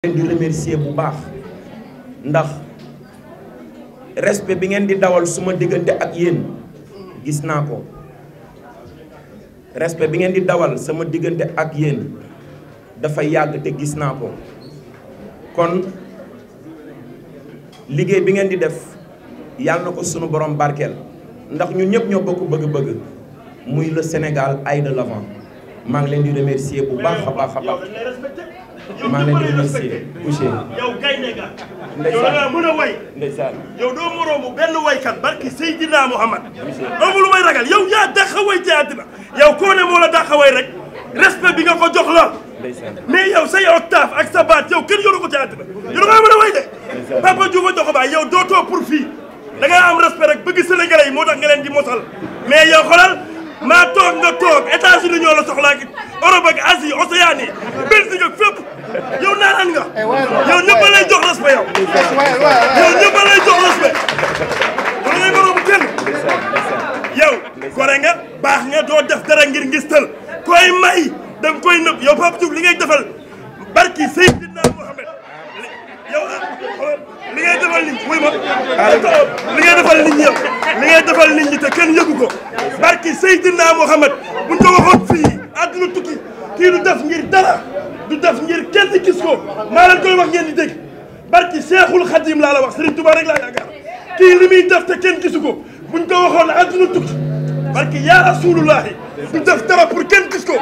leen di baax ndax respect bi ngeen di dawal suma diggante ak yéen gis naa ko respect bi ngeen di dawal sama diggante ak yéen dafa yàgg te gis naa ko kon liggéey bi ngeen di def yàlla na ko sunu borom barkeel ndax ñu ñëpp ñoo bokk bëgg-bëgg muy le senegal aille l'avant maa ngi leen di remercier bu baax a baax a baax maa ngi leen di remercier monsieur. yow gaynde nga. yow da ngaa a way. ndeysaan yow doo moroomu barki Seydina Muhammad. amul lu may ragal yow yaa dàq way ci àddina yow koo la dàq way rek respect bi nga ko jox la. mais yow say octave ak sa baat yow yoru ko ci àddina yow da ngaa way de. Papa Diouf a jox ko baay dootoo pour maa toog nga toog États-Unis ñoo la soxlaa gi Europe ak Asie Océanie Belgique ak fépp yow naanaan nga eh, yow ñëpp lay jox respect yow eh, yow ñëpp lay jox respect wala lay moroom kenn yow gore baax nga doo def dara ngir ngistal koy may danga koy nëb yow Pape Diouf li ngay defal li ngay defal nit wuy ma li ngay defal nit ñi yëpp li ngay defal nit ñi te kenn yëgu ko barki Seydina Mouhamad buñ ko waxoon fii àdduna tukki kii du def ngir dara du def ngir kenn gis ko maa leen koy wax ngeen di dégg barki Seexul Xadim laa la wax Serigne Touba rek laa yaakaar kii li muy def te kenn gisu ko buñ ko waxoon àdduna tukki barki yaa rasulullahi du def dara pour kenn gis ko